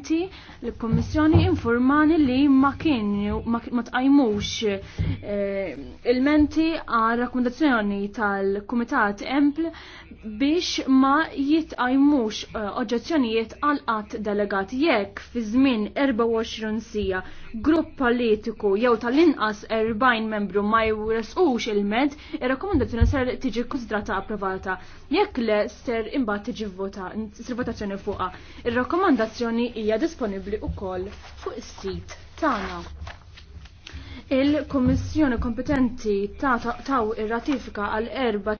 dokumenti li kommissjoni informani li ma kienu ma tqajmux eh, il-menti għal rakkomendazzjoni tal-Kumitat Empl biex ma jitqajmux eh, oġġezzjonijiet għal qatt delegat jekk fi żmien 24 sija grupp politiku jew tal-inqas 40 membru ma jwresqux il-med, ir rakkomendazzjoni ser tiġi konsidrata approvata. Jekk le ser imbagħad tiġi vota, votazzjoni fuqha. Ir-rakkomandazzjoni hija hija disponibbli wkoll fuq is-sit tagħna. Il-Kommissjoni kompetenti ta taw ir-ratifika għal erba'